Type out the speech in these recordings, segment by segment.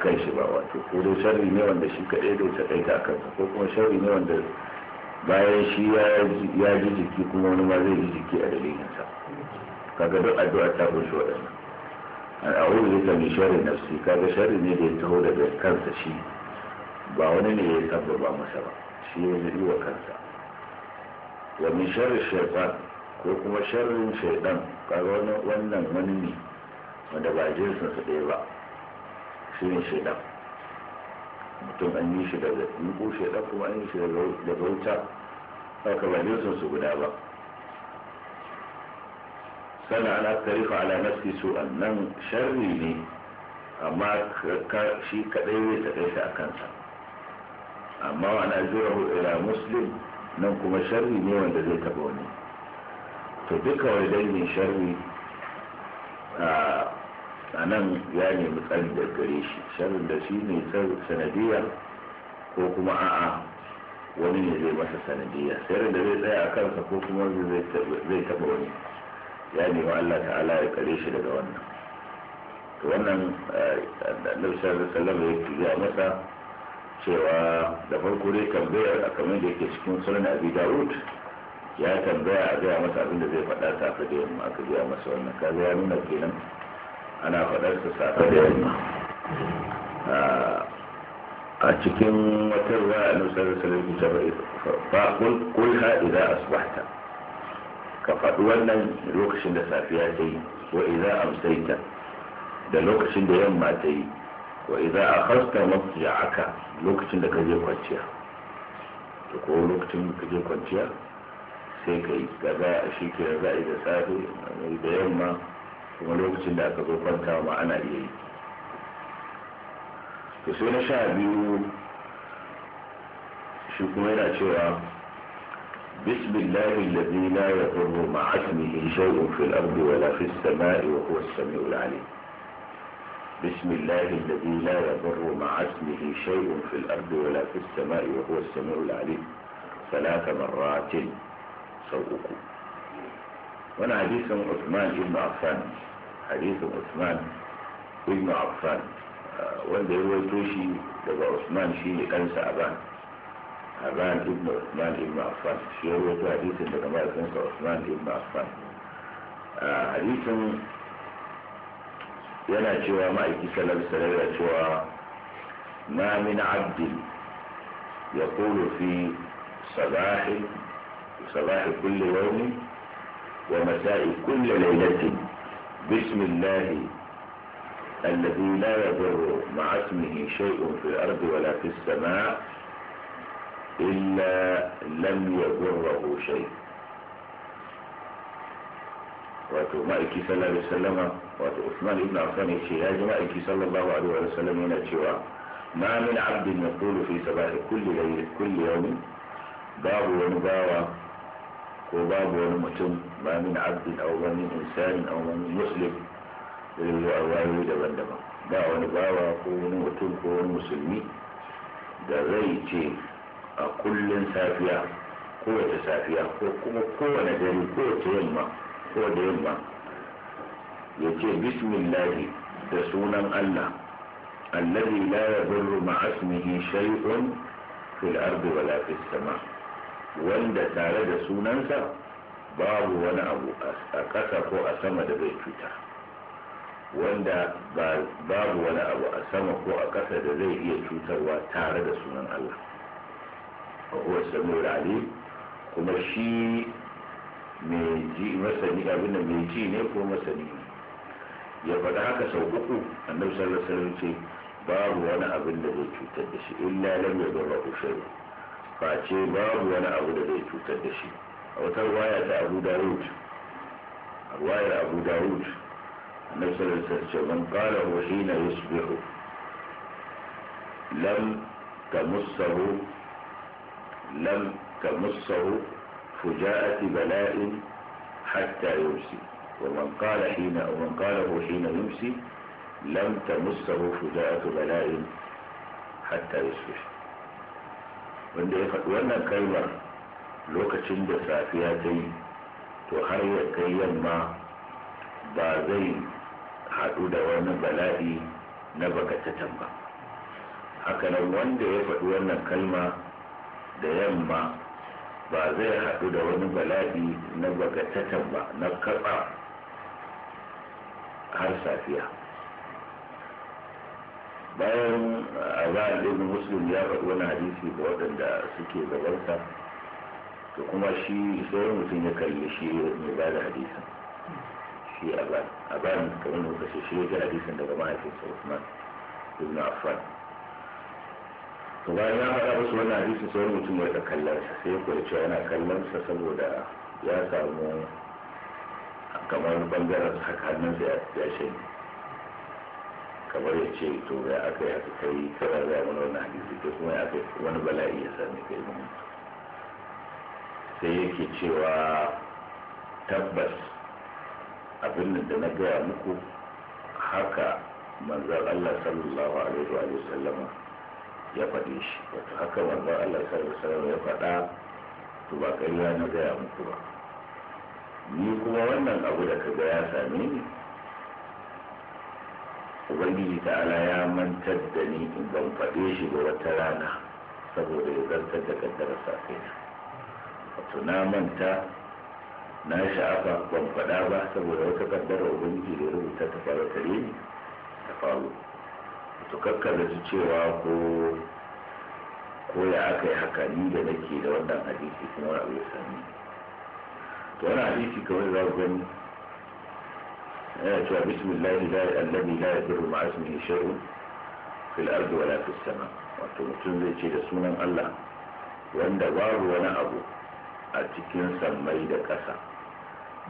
kan shi ba wato ko dai sharri ne wanda shi kaɗai bai taƙaita a kansa ko kuma sharri ne wanda bayan shi ya ji jiki kuma wani ma zai ji jiki a dalilinsa kaga duk addu'a ta kunshi waɗannan al'awun zai kami sharri nafsi kaga sharri ne da ya taho daga kansa shi ba wani ne ya sababa masa ba shi ya zai wa kansa wa min sharri ko kuma sharrin shaitan kaga wannan wani ne wanda ba su ɗaya ba shi shaidan mutum an yi shi da yuko shaidan kuma an yi shi da wuta a ba sun su guda ba sana ana tarifa ala nafsi su nan sharri ne amma shi kadai ne ta shi a kansa amma wani ajiyar ila muslim nan kuma sharri ne wanda zai taɓa wani to duka wani dangin sharri a ya nemi tsari da gare shi sanin da shi ne sanadiyya ko kuma a'a wani ne zai masa sanadiyya sharrin da zai tsaya a kansa ko kuma zai taba wani ya nemi Allah ta'ala ya kare shi daga wannan to wannan eh, annabi da salama ya ya zuwa masa cewa da farko dai tambayar a kamar da yake cikin sunan abi dawud ya tambaya a gaya masa abin da zai faɗa safe da yamma aka gaya masa wannan kaza ya nuna kenan ana faɗar su safe da yamma a cikin wata ruwa a nusar salatu jaba'i fa kul ha idza asbahta ka faɗi wannan lokacin da safiya ta yi wa idza amsaita da lokacin da yamma ta yi wa idza akhasta aka lokacin da ka je kwanciya to ko lokacin da ka je kwanciya sai ka yi kaza shi ke yi da safe da yamma kuma lokacin da aka zo kwanta ma ana iya yi to sai na sha biyu shi kuma yana cewa بسم الله الذي لا يضر مع اسمه شيء في الأرض ولا في السماء وهو السميع العليم بسم الله الذي لا يضر مع اسمه شيء في الأرض ولا في السماء وهو السميع العليم ثلاث مرات سوءكم وانا حديث عثمان بن عفان حديث عثمان ابن عفان wanda ya wato shi daga Usman shi ne ɗansa Aban Aban ibn Usman ibn Affan shi ya wato hadisin daga mahaifinsa Usman ibn Affan hadisin yana cewa ma'aiki salam salam yana cewa ma min abdin ya kulu fi sabahi sabahi kulli yawmi wa masa'i kulli lailatin بسم الله الذي لا يضر مع اسمه شيء في الارض ولا في السماء الا لم يضره شيء وقت مالك صلى الله عليه وسلم وقت عثمان بن عفان الشهاد مالك صلى الله عليه وسلم هنا شوى ما من عبد يقول في صباح كل ليل كل يوم باب ومباوى ko babu wani mutum ba min abdin aw ba min insanin aw ba min muslim da zai a daban-daban ba wani bawa ko wani mutum ko wani musulmi da zai ce a kullum safiya kowace safiya ko kuma dare kowace yamma ko da yamma ya ce bismillahi da sunan allah allazi la yadurru shari'un shay'un fil ardi wala fis sama' wanda tare da sunansa babu wani abu a ƙasa ko a sama da zai cuta wanda babu wani abu a sama ko a ƙasa da zai iya cutarwa tare da sunan Allah a kowace murare kuma shi mai ji mai ji ne ko masani ya faɗa haka sau uku a sallallahu alaihi ce babu wani abin da zai cutar da shi illa ba ku shari'a face babu wani abu da zai cutar da shi a wata ruwaya ta abu dawud a ruwayar abu dawud annabi sallallahu alaihi wasallam man qala huwa hina yusbihu lam tamussahu lam tamussahu فجاءة بلاء حتى يمسي ومن قال حين ومن قاله حين يمسي لم تمسه فجاءة بلاء حتى يصبح wanda ya faɗi wannan kalmar lokacin da safiya ta yi to har ya kai yamma ba zai haɗu da wani bala'i na bakatatan ba hakanan wanda ya faɗi wannan kalma da yamma ba zai haɗu da wani bala'i na bakatatan ba na kaɓa har safiya bayan azan ibn muslim ya faɗi wani hadisi ga waɗanda suke gabansa to kuma shi sauran mutum ya kalli shi mai ba da hadisin shi aban kamar muka ce shi ya ji hadisin daga mahaifinsa usman ibn affan to bayan ya faɗa musu wani hadisi sauran mutum ya ka kallarsa sai ya koyi cewa yana kallon saboda ya samu kamar bangaren hannunsa ya shanye kamar ya ce to ya aka yi aka kai kara za a mana wani hadisi ko kuma ya kai wani bala'i ya sami kai mun sai yake cewa tabbas abin da na gaya muku haka manzan Allah sallallahu alaihi wa sallama ya faɗi shi wato haka manzan Allah sallallahu alaihi wa sallama ya faɗa to ba kai na gaya muku ba ni kuma wannan abu da ka ga ya same ni ubangiji ta'ala ya mantar da ni in ban faɗe shi ba wata rana saboda ya zartar da kaddara safe na wato na manta na sha'afa ban faɗa ba saboda wata kaddara ubangiji da rubuta ta faru tare ni ta faru wato kakkar da cewa ko ko ya aka yi haka ni da nake da wannan hadisi kuma abu ya sami to wani hadisi kawai za ku gani cewa bismillahi la allazi la yadurru ma'a ismihi shay'un fil ardi wala fis sama wato mutum zai ce da sunan Allah wanda babu wani abu a cikin sammai da ƙasa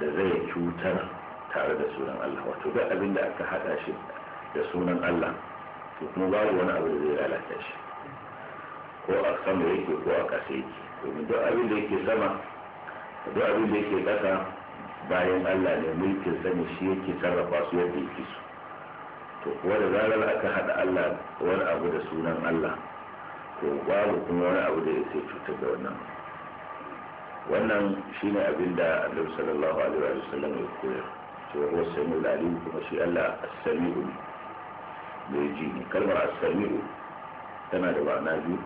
da zai cutar tare da sunan Allah wato duk abin da aka hada shi da sunan Allah to kuma babu wani abu da zai lalata shi ko a sama yake ko a ƙasa yake domin duk abin da yake sama duk abin da yake ƙasa bayan Allah ne mulkin sani shi yake sarrafa su yadda yake su to kuwa da zarar aka hada Allah wani abu da sunan Allah to babu kuma wani abu da ya cutar da wannan wannan shi ne abin da annabi sallallahu alaihi wa sallam ya koyar cewa wasu mu lalim kuma shi Allah as-sami'u mai ji ne kalmar as-sami'u tana da ma'ana biyu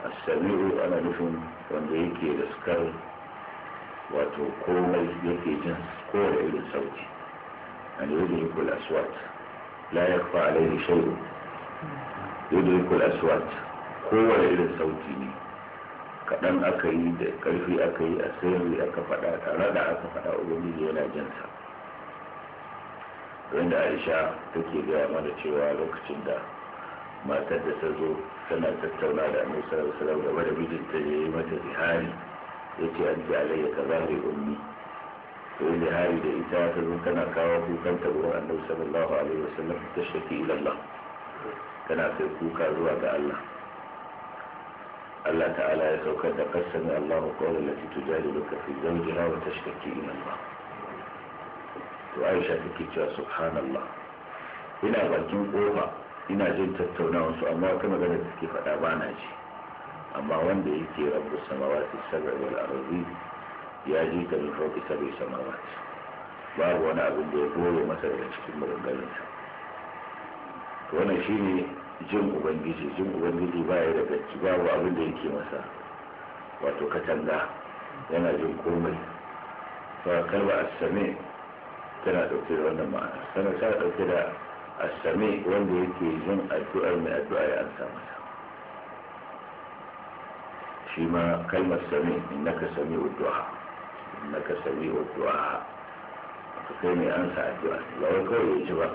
as-sami'u ana nufin wanda yake da sukar wato komai yake jin kowane irin sauti yadda yankul aswat la shaidu. alaihi yadda yankul aswat kowane irin sauti ne kaɗan aka yi da ƙarfi aka yi a sayarwa aka faɗa a rada aka faɗa wani yana jinsa wanda aisha take gaya mana cewa lokacin da matar da ta zo tana tattauna da annabi sallallahu alaihi wasallam da mijinta ya yi mata zihari yace ce an ji alayya ka zahari ummi to yi zahari da ita ta zo kana kawo kukan ta wurin annabi sallallahu alaihi wasallam ta shaki ilallah kana kai kuka zuwa ga Allah Allah ta'ala ya saukar da kasami Allah qawlan lati tujadiluka fi zawjiha wa tashtaki ila Allah to Aisha take cewa subhanallah ina bakin kofa ina jin tattaunawar su amma wata magana take faɗa bana ji amma wanda yake rabu samawati sabar wal ardi ya ji ta min fauki sabi samawati babu wani abin da ya goye masa daga cikin maganganunsa to wannan shine jin ubangiji jin ubangiji ba ya daga babu abin da yake masa wato katanga yana jin komai ba kalma as-sami tana dauke da wannan ma'ana sannan tana dauke da as-sami wanda yake jin addu'ar mai addu'a ya ansa masa shi ma kalmar sami innaka sami du'a innaka sami du'a ka kai mai ansa addu'a ba wai kawai ya ji ba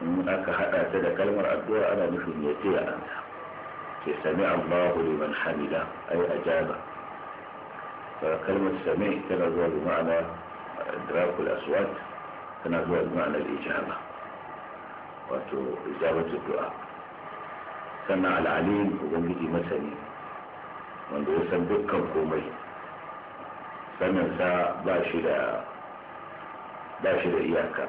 in aka hada ta da kalmar addu'a ana nufin ya ce ya ansa ke sami Allahu liman hamida ai ajaba fa kalmar sami tana zuwa da ma'ana drakul aswat tana zuwa da ma'ana ijaba wato ijabatu du'a sannan al'alim ubangiji masani wanda ya san dukkan komai sannan sa ba shi da ba shi da iyaka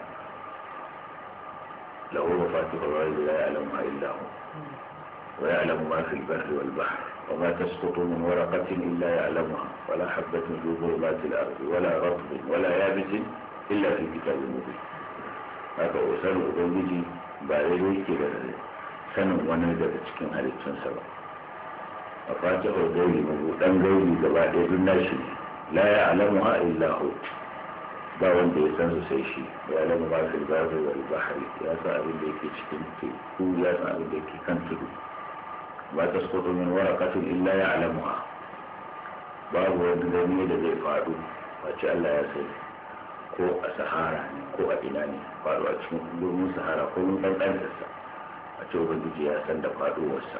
lahu mafatihul ghaib la ya'lamuha illa hu wa ya'lamu ma fil barri wal bahri وما تسقط من ورقة إلا يعلمها ولا حبة في ظلمات الأرض ولا رطب ولا يابس إلا في كتاب مبين haka wasan ubangiji ba daidai ke da sanin wani daga cikin halittunsa ba a fata wa gauri mabuɗan gauri gaba ɗaya duk nashi la ya alamu a illa hu ba wanda ya san su sai shi ya alamu ba fil bahri wal bahri ya sa abin da yake cikin teku ya san abin da yake kan tudu ba ta sokoto min waraqatin illa ya alamu ha babu wani gani da zai faɗo wace Allah ya sani ko a sahara ne ko a ina ne faɗo a cikin domin sahara ko mun da sa a ce ubangiji ya san da faɗuwarsa.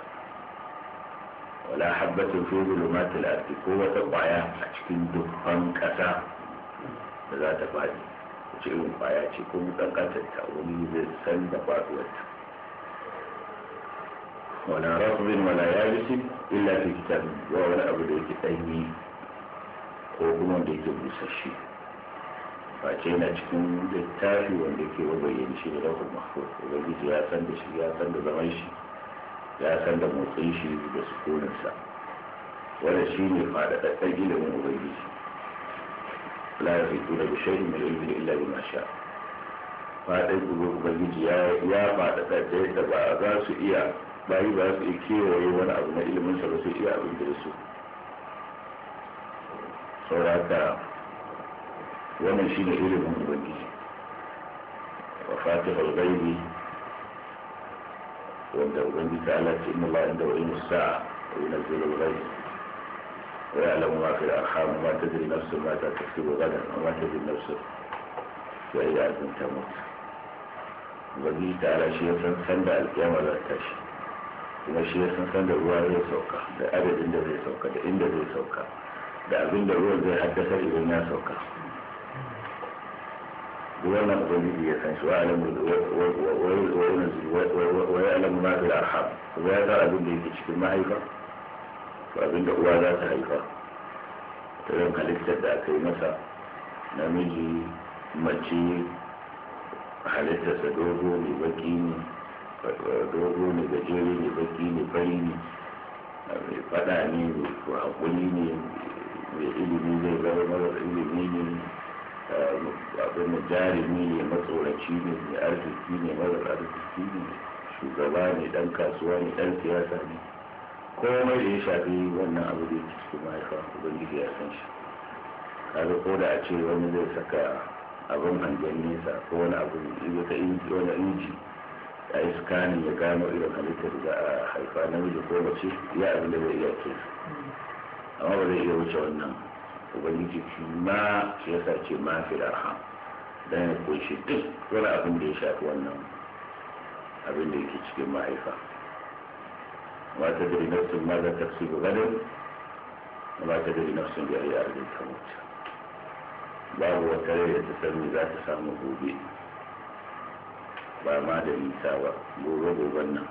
wala habbatin fi zulumatil ardi ko wata kwaya a cikin dukkan kasa da za ta fadi ce irin kwaya ce ko mutankatar ta wani zai san da ta wala rafin wala yabisin illa fi kitab wa wani abu da yake danyi ko kuma da yake busasshe ce na cikin littafi wanda ke wabayyance da rahul mahfuz ubangiji ya san da shi ya san da zaman shi ya san da motsin shi da sukuninsa wanda shi ne faɗaɗaɗɗen ilimin ubangiji la ya fito da bishayin mai ilmi illa bi masha faɗin gudu ubangiji ya faɗaɗa da yadda ba za su iya bayi ba su iya kewaye wani abu na ilimin sa ba su iya abin da su sauraka wannan shi ne ilimin ubangiji wa fatihul gaibi وبنبي تعالى ان الله عنده علم الساعة وينزل الغيث ويعلم ما في الأرحام وما تدري نفسه ماذا تكتب غدا وما تدري نفسه فإذا أنت تموت وبنبي تعالى شيخ خندى القيامة لا تشي kuma shi ya san san da ruwa zai sauka da adadin da zai sauka da inda zai sauka da abin da ruwan zai haddasa irin ya sauka wannan ubangiji ya san shi wa alamu ma fi arham kuma ya san abin da yake cikin mahaifa to abin da uwa za ta haifa ta yin halittar da aka yi masa namiji mace halittarsa dogo ne baki ne dogo ne gajere ne baki ne fari ne mai fada ne mai hakuri ne mai ilimi zai zama mara ilimi ne abin jarumi ne matsoraci ne mai arziki ne mara arziki ne shugaba ne dan kasuwa ne dan siyasa ne komai da ya shafi wannan abu da yake cikin mahaifa ubangiji ya san shi kaga ko da a ce wani zai saka abin hangen nesa ko wani abu ya ta inji wani inji a yi scanning ya gano irin halittar da a haifa namiji ko mace ya abin da zai iya ke amma ba zai iya wuce wannan ubangiji fi ma shi yasa ce ma fi arham dan ya kunshi duk wani abin da ya shafi wannan abin da yake cikin mahaifa ma ta dari nafsin ma za ta fi gadon ma ta dari da ya yi ta mutu babu wata rai da ta sami za ta samu gobe ba ma da nisa ba gobe goben nan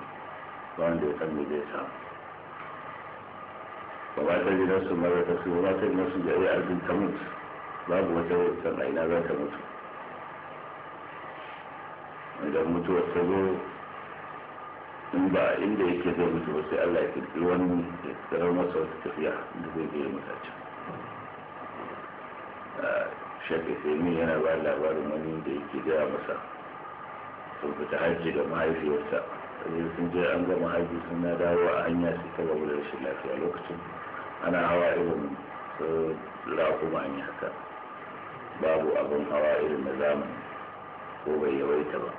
ba wanda ya san me zai samu ba ba ta gina su mara ta ba ta gina su jari arzikin ta mutu babu wata wutar aina za ta mutu idan mutuwar ta in ba inda yake zai mutu sai allah ya kirki wani ya tsara masa wata tafiya da zai gaya mutu can ah, shafi sai min yana ba labarin wani da yake gaya masa sun fita hajji da mahaifiyarsa sai sun je an gama haji suna dawo a hanya su ta gaba da rashin lafiya lokacin ana hawa irin su rakuma ne haka babu abin hawa irin na zamani ko bai yawaita ba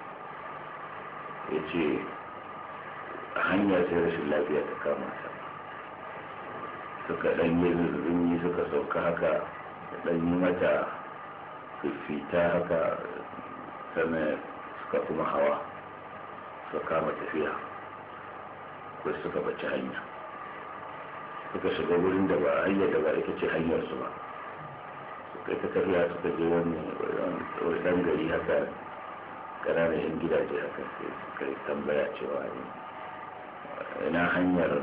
ya ce a hanya sai rashin lafiya ta kama ta suka dan yi yi suka sauka haka dan yi mata fita haka sannan suka kuma hawa suka kama tafiya ko suka baci hanya suka shiga wurin da ba hanyar da ba ita ce hanyar su ba suka ta tafiya suka je wani wajen gari haka ƙananan yan gidaje haka suka yi tambaya cewa ina hanyar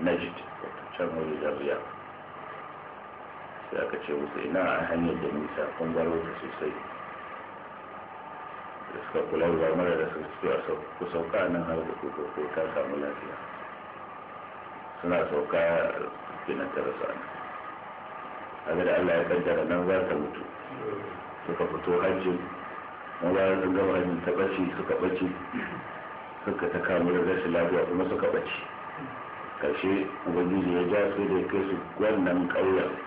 wata can wani zarriya sai aka ce musu ina hanyar da nisa kun baro ta sosai da suka kula da mara da su cewa ku sauka nan har da ku ko ka samu lafiya suna sauka kina ta rasa ne da Allah ya kaddara nan za ta mutu suka fito hajji na ba sun gama hajji ta ɓace suka ɓace suka ta kamu da rashin lafiya kuma suka ɓace karshe ubangiji ya ja su da kai su wannan ƙauyen